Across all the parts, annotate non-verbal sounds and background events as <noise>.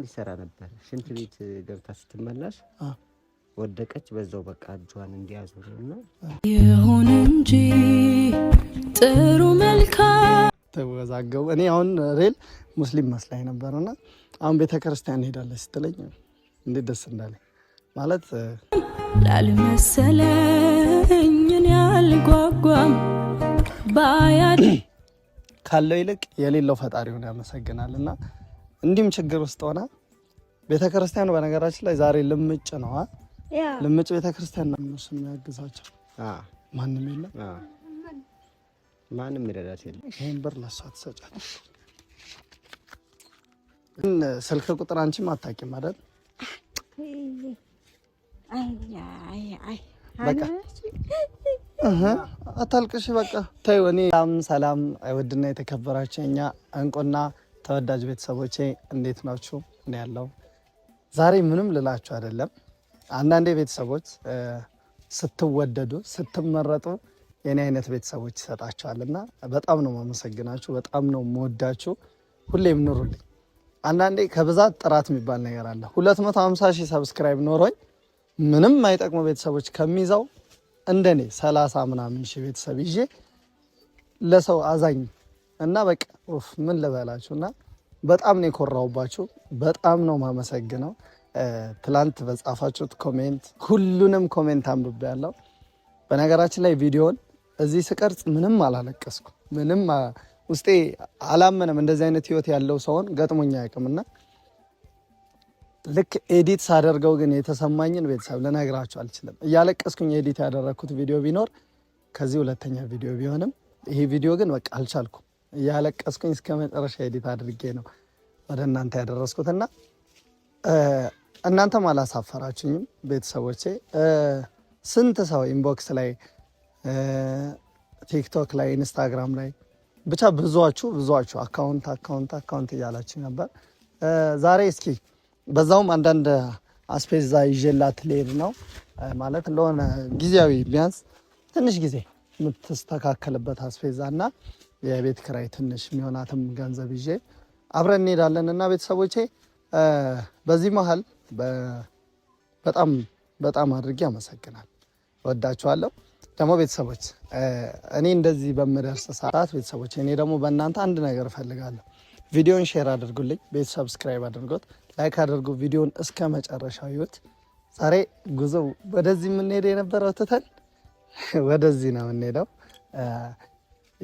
ማል ይሰራ ነበር። ሽንት ቤት ገብታ ስትመላሽ ወደቀች። በዛው በቃ እጇን እንዲያዙ እና ይሁን እንጂ ጥሩ መልካም ተወዛገቡ። እኔ አሁን ሬል ሙስሊም መስላኝ እና አሁን ቤተክርስቲያን ሄዳለች ስትለኝ እንዴት ደስ እንዳለኝ ማለት ላልመሰለኝን ያልጓጓም ባያ <clears throat> ካለው ይልቅ የሌለው ፈጣሪውን ያመሰግናል እና እንዲህም ችግር ውስጥ ሆና ቤተክርስቲያኑ በነገራችን ላይ ዛሬ ልምጭ ነዋ። ልምጭ ቤተክርስቲያን ነው እነሱ የሚያግዛቸው ማንም የለም፣ ማንም ይረዳት የለም። ይህን ብር ለሷ ትሰጫት። ስልክ ቁጥር አንቺም አታውቂም አይደል? በቃ አታልቅሽ፣ በቃ ተይው። እኔ ሰላም ሰላም፣ ውድና የተከበራችሁ እኛ እንቁና ተወዳጅ ቤተሰቦቼ እንዴት ናችሁ? እኔ ያለው ዛሬ ምንም ልላችሁ አይደለም። አንዳንዴ ቤተሰቦች ስትወደዱ ስትመረጡ የኔ አይነት ቤተሰቦች ይሰጣችኋል እና በጣም ነው ማመሰግናችሁ፣ በጣም ነው መወዳችሁ። ሁሌም ኑሩልኝ። አንዳንዴ ከብዛት ጥራት የሚባል ነገር አለ። 250 ሺህ ሰብስክራይብ ኖሮኝ ምንም አይጠቅሙ ቤተሰቦች ከሚይዘው እንደኔ 30 ምናምን ሺህ ቤተሰብ ይዤ ለሰው አዛኝ እና በቃ ኡፍ ምን ልበላችሁ እና በጣም ነው የኮራውባችሁ። በጣም ነው ማመሰግነው። ትላንት በጻፋችሁት ኮሜንት ሁሉንም ኮሜንት አንብቤ ያለው። በነገራችን ላይ ቪዲዮን እዚህ ስቀርጽ ምንም አላለቀስኩ፣ ምንም ውስጤ አላመነም። እንደዚህ አይነት ህይወት ያለው ሰውን ገጥሞኛ እና ልክ ኤዲት ሳደርገው ግን የተሰማኝን ቤተሰብ ልነግራችሁ አልችልም። እያለቀስኩኝ ኤዲት ያደረግኩት ቪዲዮ ቢኖር ከዚህ ሁለተኛ ቪዲዮ ቢሆንም ይሄ ቪዲዮ ግን በቃ አልቻልኩም። እያለቀስኩኝ እስከ መጨረሻ ኤዲት አድርጌ ነው ወደ እናንተ ያደረስኩት እና እናንተም አላሳፈራችሁኝም ቤተሰቦቼ። ስንት ሰው ኢንቦክስ ላይ ቲክቶክ ላይ ኢንስታግራም ላይ ብቻ ብዙችሁ ብዙችሁ አካውንት አካውንት አካውንት እያላችሁ ነበር። ዛሬ እስኪ በዛውም አንዳንድ አስፔዛ ይዤላት ልሄድ ነው ማለት እንደሆነ ጊዜያዊ ቢያንስ ትንሽ ጊዜ የምትስተካከልበት አስፔዛ እና የቤት ክራይ ትንሽ የሚሆናትም ገንዘብ ይዤ አብረን እንሄዳለን እና ቤተሰቦቼ በዚህ መሀል በጣም በጣም አድርጌ አመሰግናል። ወዳችኋለሁ። ደግሞ ቤተሰቦች እኔ እንደዚህ በምደርስ ሰዓት ቤተሰቦች እኔ ደግሞ በእናንተ አንድ ነገር እፈልጋለሁ። ቪዲዮን ሼር አድርጉልኝ፣ ቤት ሰብስክራይብ አድርጎት፣ ላይክ አድርጉ። ቪዲዮን እስከ መጨረሻው ይዩት። ዛሬ ጉዞ ወደዚህ የምንሄደው የነበረው ትተን ወደዚህ ነው የምንሄደው።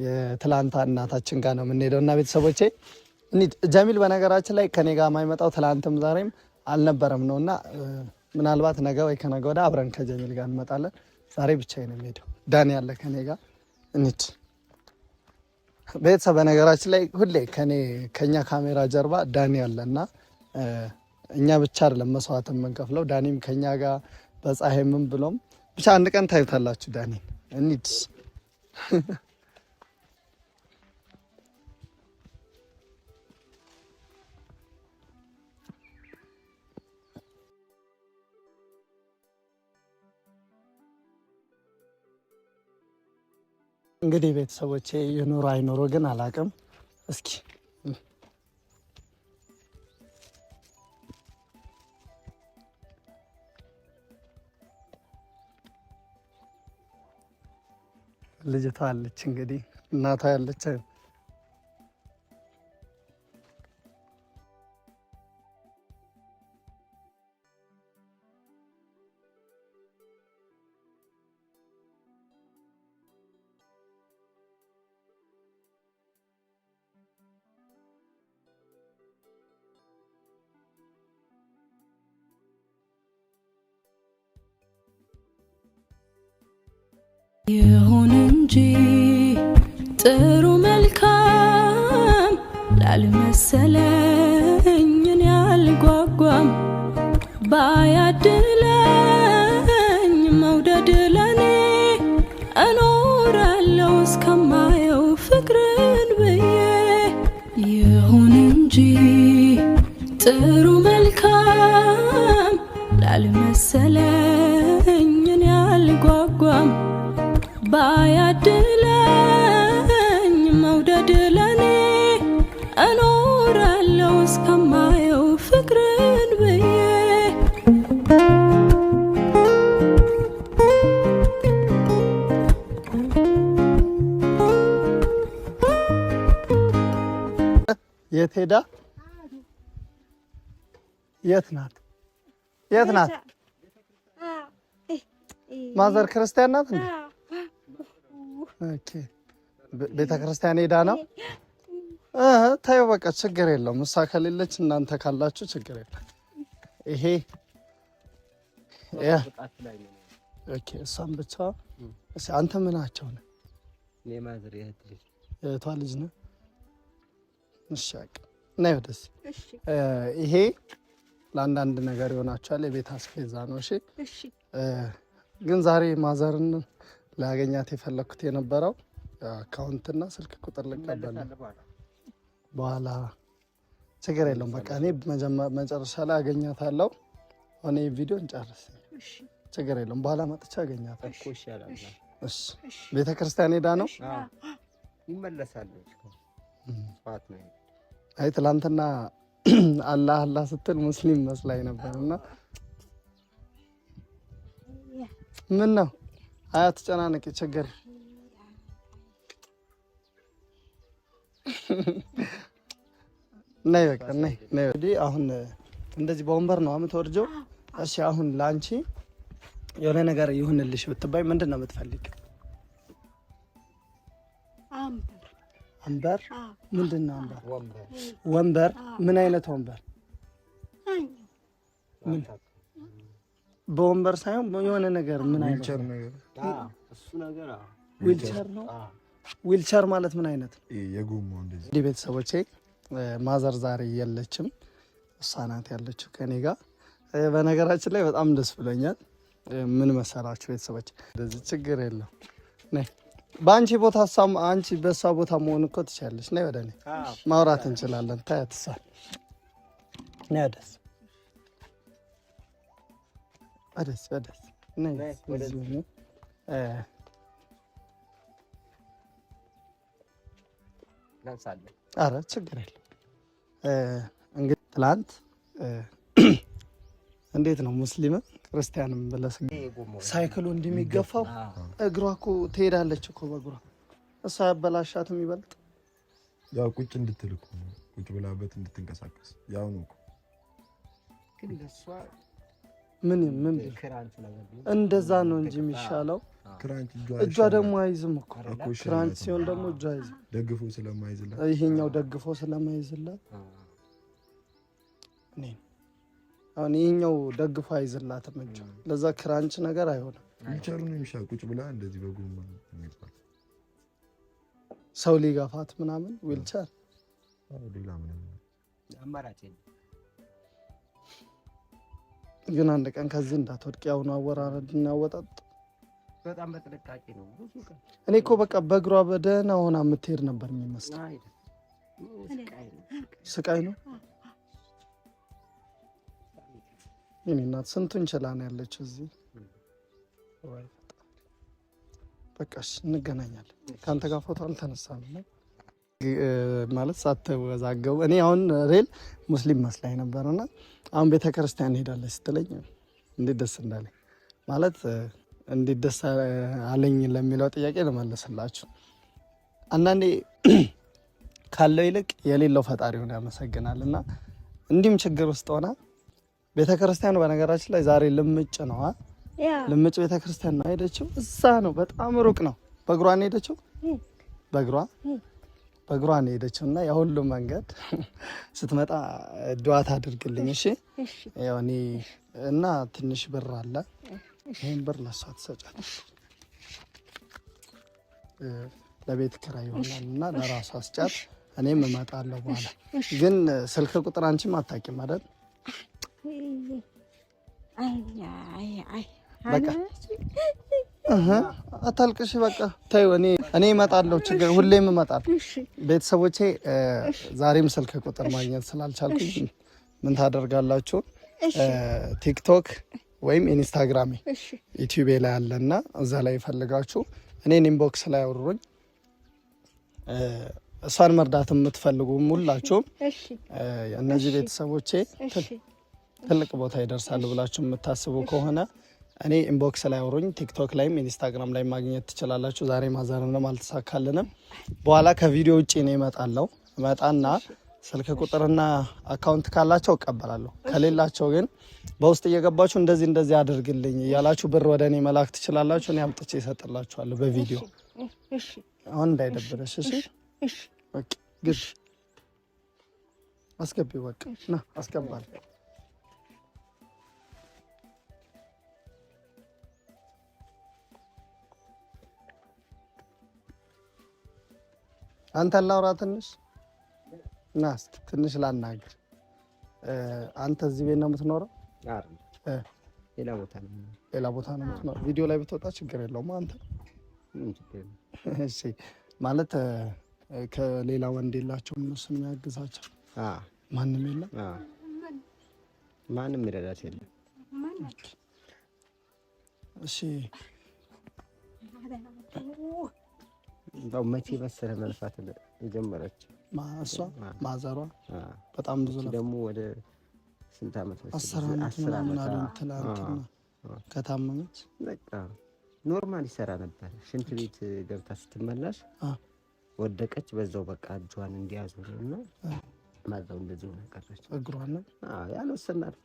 የትላንታ እናታችን ጋር ነው የምንሄደው እና ቤተሰቦቼ ጀሚል በነገራችን ላይ ከኔ ጋር የማይመጣው ትላንትም ዛሬም አልነበረም ነው እና ምናልባት ነገ ወይ ከነገ ወደ አብረን ከጀሚል ጋር እንመጣለን። ዛሬ ብቻ ነው የምሄደው። ዳን ያለ ከኔ ጋር እንሂድ። ቤተሰብ በነገራችን ላይ ሁሌ ከኔ ከኛ ካሜራ ጀርባ ዳኒ ያለ እና እኛ ብቻ አይደለም መስዋዕት የምንከፍለው ዳኒም ከኛ ጋር በፀሐይ ምን ብሎም ብቻ አንድ ቀን ታዩታላችሁ ዳኒን እንሂድ። እንግዲህ ቤተሰቦቼ የኖሮ አይኖሮ ግን አላቅም። እስኪ ልጅቷ አለች እንግዲህ እናቷ ያለች ይሁን እንጂ ጥሩ መልካም ላልመሰለኝ እኔ አልጓጓም ባያድለኝ መውደድ ለኔ እኖራለው እስከማየው ፍቅርን ብዬ ይሁን እንጂ ጥሩ እኖራለሁ እስከማየው ፍቅርን ብዬ የት ሄዳ የት ናት? የት ናት? ማዘር ክርስቲያን ናት እንዴ? ቤተ ክርስቲያን ሄዳ ነው ታዩ በቃ ችግር የለውም። እሷ ከሌለች እናንተ ካላችሁ ችግር የለም። ይሄ እሷን ብቻ አንተ ምናቸው ነህ? የእህቷ ልጅ ነህ? እሺ እና ይወደስ ይሄ ለአንዳንድ ነገር ይሆናቸዋል። የቤት አስፌዛ ነው። እሺ ግን ዛሬ ማዘርን ላገኛት የፈለግኩት የነበረው አካውንትና ስልክ ቁጥር ልቀበል ችግር የለውም። በቃ እኔ መጨረሻ ላይ አገኛታለሁ። ሆነ ቪዲዮ እንጨርስ፣ ችግር የለውም። በኋላ መጥቻ አገኛታለሁ። ቤተክርስቲያን ሄዳ ነው ይመለሳል። አይ ትላንትና <clears throat> አላህ አላህ ስትል ሙስሊም መስላኝ ነበር እና ምን ነው አያ ትጨናነቂ ችግር ነይ በቃ ነይ ነይ። እንግዲህ አሁን እንደዚህ በወንበር ነው የምትወርጀው። እሺ አሁን ለአንቺ የሆነ ነገር ይሁንልሽ ብትባይ ምንድን ነው የምትፈልግ? አንበር ምንድን ነው አንበር? ወንበር ምን አይነት ወንበር? በወንበር ሳይሆን የሆነ ነገር ምን አይነት ዊልቸር ነው ዊልቸር ማለት ምን አይነት ነው? እንዲህ ቤተሰቦቼ ማዘር ዛሬ የለችም፣ እሷ ናት ያለችው ከኔ ጋር። በነገራችን ላይ በጣም ደስ ብሎኛል። ምን መሰላችሁ ቤተሰቦች፣ እንደዚህ ችግር የለም። በአንቺ ቦታ አንቺ በእሷ ቦታ መሆን እኮ ትችላለች። ነይ ወደ እኔ ማውራት እንችላለን። ታያት እሷ ወደስ ወደስ እናንሳለን። አረ ችግር የለም። እንግዲህ ትላንት እንዴት ነው ሙስሊምም ክርስቲያንም ብለስ ሳይክሉ እንደሚገፋው እግሯ እኮ ትሄዳለች እኮ በእግሯ እሷ ያበላሻት የሚበልጥ ያው ቁጭ እንድትል ቁጭ ብላበት እንድትንቀሳቀስ ያው ነው ግን ለእሷ ምን ምን እንደዛ ነው እንጂ የሚሻለው። እጇ ደግሞ አይዝም እኮ ክራንች ሲሆን ደግሞ እጇ አይዝም፣ ደግፎ ስለማይዝላት ይሄኛው ደግፎ ስለማይዝላት አሁን ይሄኛው ደግፎ አይዝላትም እጇ። ለዛ ክራንች ነገር አይሆንም። ነው የሚሻ ቁጭ ብላ እንደዚህ በጎማ ሰው ሊጋፋት ምናምን ዊልቸር ምንም ግን አንድ ቀን ከዚህ እንዳትወድቅ። ያሁኑ አወራረድ እናወጣጥ በጣም በጥንቃቄ ነው። እኔ እኮ በቃ በእግሯ በደህና ሆና የምትሄድ ነበር የሚመስለው። ስቃይ ነው የእኔ እናት። ስንቱን ችላ እዚህ። በቃ እንገናኛለን። ከአንተ ጋር ፎቶ አልተነሳንም። ማለት ሳትወዛገቡ እኔ አሁን ሬል ሙስሊም መስላኝ እና አሁን ቤተክርስቲያን እንሄዳለን ስትለኝ እንዴት ደስ እንዳለኝ ማለት እንዴት ደስ አለኝ ለሚለው ጥያቄ ልመልስላችሁ። አንዳንዴ ካለው ይልቅ የሌለው ፈጣሪውን ያመሰግናል እና እንዲሁም ችግር ውስጥ ሆና ቤተክርስቲያን በነገራችን ላይ ዛሬ ልምጭ ነዋ። ልምጭ ቤተክርስቲያን ነው ሄደችው። እዛ ነው በጣም ሩቅ ነው። በእግሯ ነው ሄደችው በእግሯ በእግሯ ነው የሄደችው እና የሁሉም መንገድ ስትመጣ ድዋት አድርግልኝ እሺ። እኔ እና ትንሽ ብር አለ። ይህን ብር ለሷ ትሰጫለሽ። ለቤት ኪራይ ይሆናል እና ለራሷ አስጫት። እኔም እመጣለሁ በኋላ። ግን ስልክ ቁጥር አንቺም አታውቂም አይደል? በቃ አታልቅሽ፣ በቃ ተይው። እኔ እኔ እመጣለሁ፣ ችግር ሁሌም እመጣለሁ። ቤተሰቦቼ ዛሬም ስልክ ቁጥር ማግኘት ስላልቻልኩ ምን ታደርጋላችሁ? ቲክቶክ ወይም ኢንስታግራም ዩቲዩቤ ላይ አለና እዛ ላይ ይፈልጋችሁ እኔን ኢንቦክስ ላይ አውሩኝ። እሷን መርዳት የምትፈልጉ ሁላችሁም እነዚህ ቤተሰቦቼ ትልቅ ቦታ ይደርሳሉ ብላችሁ የምታስቡ ከሆነ እኔ ኢንቦክስ ላይ አውሩኝ። ቲክቶክ ላይም ኢንስታግራም ላይ ማግኘት ትችላላችሁ። ዛሬ ማዘርንም አልተሳካልንም። በኋላ ከቪዲዮ ውጭ እኔ እመጣለሁ። እመጣና ስልክ ቁጥርና አካውንት ካላቸው እቀበላለሁ። ከሌላቸው ግን በውስጥ እየገባችሁ እንደዚህ እንደዚህ አድርግልኝ እያላችሁ ብር ወደ እኔ መላክ ትችላላችሁ። እኔ አምጥቼ እሰጥላችኋለሁ በቪዲዮ። አሁን እንዳይደብረሽ እሺ። አስገቢ በቃ ና አስገባል አንተ ላውራ ትንሽ ና እስኪ ትንሽ ላናግር። አንተ እዚህ ቤት ነው የምትኖረው? ሌላ ቦታ ነው ሌላ ቦታ ነው የምትኖረው? ቪዲዮ ላይ ብትወጣ ችግር የለውም አንተ። እሺ ማለት ከሌላ ወንድ የላቸው እነሱ የሚያግዛቸው ማንም የለም፣ ማንም ይረዳት የለም። እሺ እንደው መቼ መሰለ መልፋት የጀመረች እሷ ማዘሯ በጣም ብዙ ደግሞ ወደ ስንት ዓመት አስር ዓመት ምናምን ከታመመች በቃ ኖርማል ይሰራ ነበር። ሽንት ቤት ገብታ ስትመላሽ ወደቀች። በዛው በቃ እጇን እንዲያዙ እና ማዛው እንደዚህ ሆነ ቀረች። እግሯን ነው ያልወሰናት።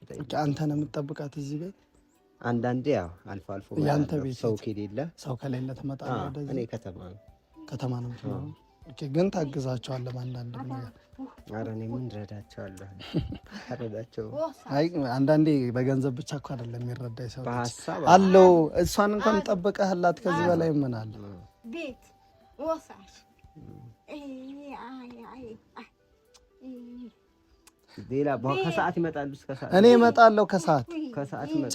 አንተ ነው የምትጠብቃት እዚህ ቤት አንዳንዴ ያው አልፎ አልፎ ያንተ ቤት ሰው ከሌለ ሰው ከሌለ ትመጣለህ። እኔ ከተማ ነው ከተማ ነው የምትኖረው። ግን ታግዛቸዋለህ በአንዳንድ ነገር። ኧረ አንዳንዴ በገንዘብ ብቻ እኮ አይደለም የሚረዳ ሰው አለው። እሷን እንኳን ጠብቀህላት ከዚህ በላይ ምን አለ ቤት ሌላ ከሰዓት ይመጣሉ። እኔ እመጣለሁ ከሰዓት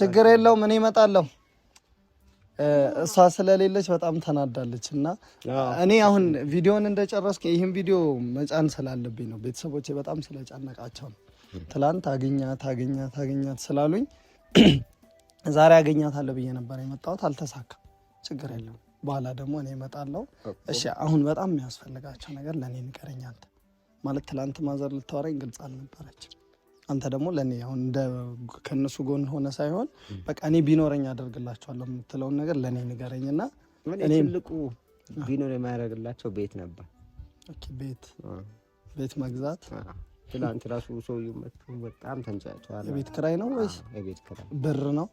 ችግር የለውም። እኔ እመጣለሁ እሷ ስለሌለች በጣም ተናዳለች እና እኔ አሁን ቪዲዮን እንደጨረስኩ ይህን ቪዲዮ መጫን ስላለብኝ ነው። ቤተሰቦቼ በጣም ስለጨነቃቸው ነው። ትላንት አገኛት አገኛት አገኛት ስላሉኝ <clears throat> ዛሬ አገኛት አለ ብዬ ነበር የመጣሁት። አልተሳካም። ችግር የለም። በኋላ ደግሞ እኔ እመጣለሁ። እሺ። አሁን በጣም የሚያስፈልጋቸው ነገር ለእኔ ንገረኝ ማለት ትላንት ማዘር ልታወራኝ ግልጽ አልነበረችም። አንተ ደግሞ ለእኔ አሁን እንደ ከእነሱ ጎን ሆነ ሳይሆን በቃ እኔ ቢኖረኝ አደርግላቸዋለሁ የምትለውን ነገር ለእኔ ንገረኝ እና ትልቁ ቢኖር የማያደርግላቸው ቤት ነበር። ቤት ቤት መግዛት ትላንት ራሱ ሰውዬው መጥቶ በጣም ተንጫጫዋል። የቤት ክራይ ነው ወይስ የቤት ክራይ ብር ነው?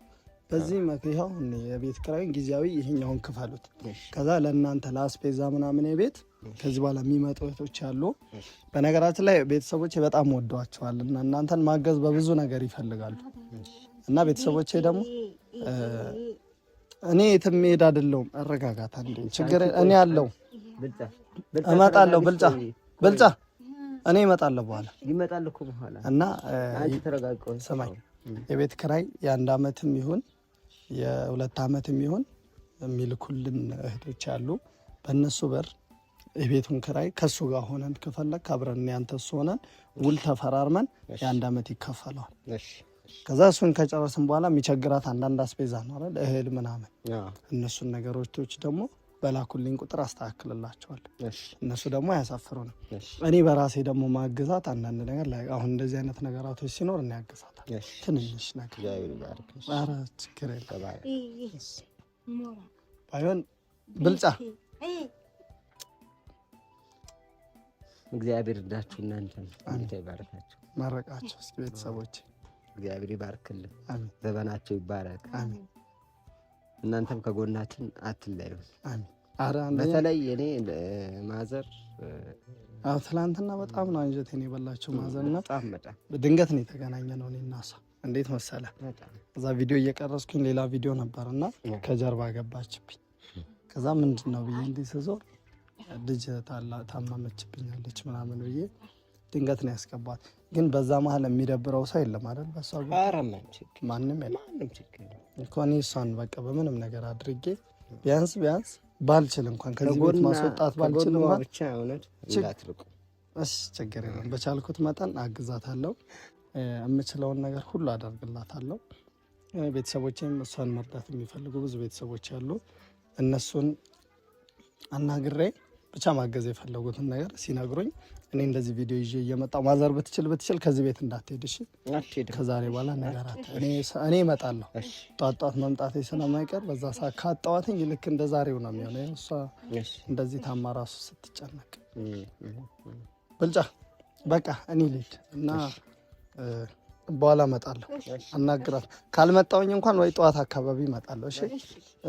በዚህ መክያው የቤት ክራይን ጊዜያዊ ይሄኛውን ክፈሉት፣ ከዛ ለእናንተ ለአስፔዛ ምናምን ቤት ከዚህ በኋላ የሚመጡ እህቶች አሉ። በነገራችን ላይ ቤተሰቦቼ በጣም ወደዋቸዋል እና እናንተን ማገዝ በብዙ ነገር ይፈልጋሉ እና ቤተሰቦቼ ደግሞ እኔ የትም መሄድ አይደለሁም። አረጋጋት አንዴ ችግር እኔ አለው እመጣለሁ። ብልጫ ብልጫ እኔ እመጣለሁ በኋላ እና ስማኝ፣ የቤት ክራይ የአንድ አመትም ይሁን የሁለት አመትም ይሁን የሚልኩልን እህቶች አሉ በእነሱ በር የቤቱን ክራይ ከሱ ጋር ሆነን ክፈለግ አብረን ያንተ እሱ ሆነን ውል ተፈራርመን የአንድ ዓመት ይከፈለዋል። ከዛ እሱን ከጨረስን በኋላ የሚቸግራት አንዳንድ አስቤዛ ነው እህል ምናምን፣ እነሱን ነገሮች ደግሞ በላኩልኝ ቁጥር አስተካክልላቸዋል። እነሱ ደግሞ አያሳፍሩንም። እኔ በራሴ ደግሞ ማግዛት አንዳንድ ነገር ላይ አሁን እንደዚህ አይነት ነገራቶች ሲኖር እናያግዛታል። ትንንሽ ነገር ችግር የለም ባይሆን ብልጫ እግዚአብሔር እርዳችሁ። እናንተ ጌታ ይባረካቸው፣ ማረቃቸው። እስኪ ቤተሰቦች እግዚአብሔር ይባርክልን፣ ዘመናቸው ይባረክ። እናንተም ከጎናችን አትለዩን። በተለይ እኔ ማዘር ትላንትና በጣም ነው አንጀቴን የበላቸው ማዘር እና ድንገት ነው የተገናኘ ነው እኔና እሷ እንዴት መሰለ እዛ ቪዲዮ እየቀረስኩኝ ሌላ ቪዲዮ ነበር እና ከጀርባ ገባችብኝ። ከዛ ምንድን ነው ብዬ እንዲህ ስዞር ልጅ ታማመችብኛለች ምናምን ብዬ ድንገት ነው ያስገባት። ግን በዛ መሀል የሚደብረው ሰው የለም አይደል? በሷ ማንም የለም። እሷን በቃ በምንም ነገር አድርጌ ቢያንስ ቢያንስ ባልችል እንኳን ከዚህ ቤት ማስወጣት ባልችል ችግር የለም። በቻልኩት መጠን አግዛታለሁ። የምችለውን ነገር ሁሉ አደርግላታለሁ። ቤተሰቦችም እሷን መርዳት የሚፈልጉ ብዙ ቤተሰቦች አሉ። እነሱን አናግሬ ብቻ ማገዝ የፈለጉትን ነገር ሲነግሩኝ እኔ እንደዚህ ቪዲዮ ይዤ እየመጣሁ ማዘር ብትችል ብትችል ከዚህ ቤት እንዳትሄድሽ ከዛሬ በኋላ ነገራት። እኔ እመጣለሁ ጧት ጧት መምጣቴ ስለማይቀር በዛ ሰ ካጠዋትኝ ልክ እንደ ዛሬው ነው የሚሆነ እሷ እንደዚህ ታማ ራሱ ስትጨነቅ ብልጫ በቃ እኔ ልሂድ እና በኋላ እመጣለሁ፣ አናግራለሁ። ካልመጣውኝ እንኳን ወይ ጠዋት አካባቢ እመጣለሁ። እሺ፣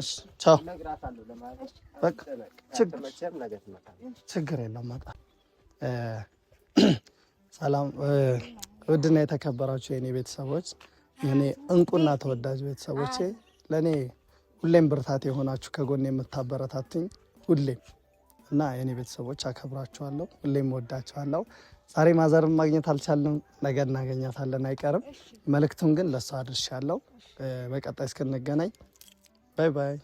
እሺ፣ ቻው። ችግር እመጣለሁ። ሰላም ውድና የተከበራችሁ የእኔ ቤተሰቦች፣ የእኔ እንቁና ተወዳጅ ቤተሰቦች ለእኔ ሁሌም ብርታት የሆናችሁ ከጎን የምታበረታትኝ ሁሌም እና የእኔ ቤተሰቦች አከብራችኋለሁ፣ ሁሌም ወዳችኋለሁ። ዛሬ ማዘርን ማግኘት አልቻለም። ነገ እናገኛታለን አይቀርም። መልእክቱን ግን ለሷ አድርሻለሁ። በቀጣይ እስክንገናኝ ባይ ባይ።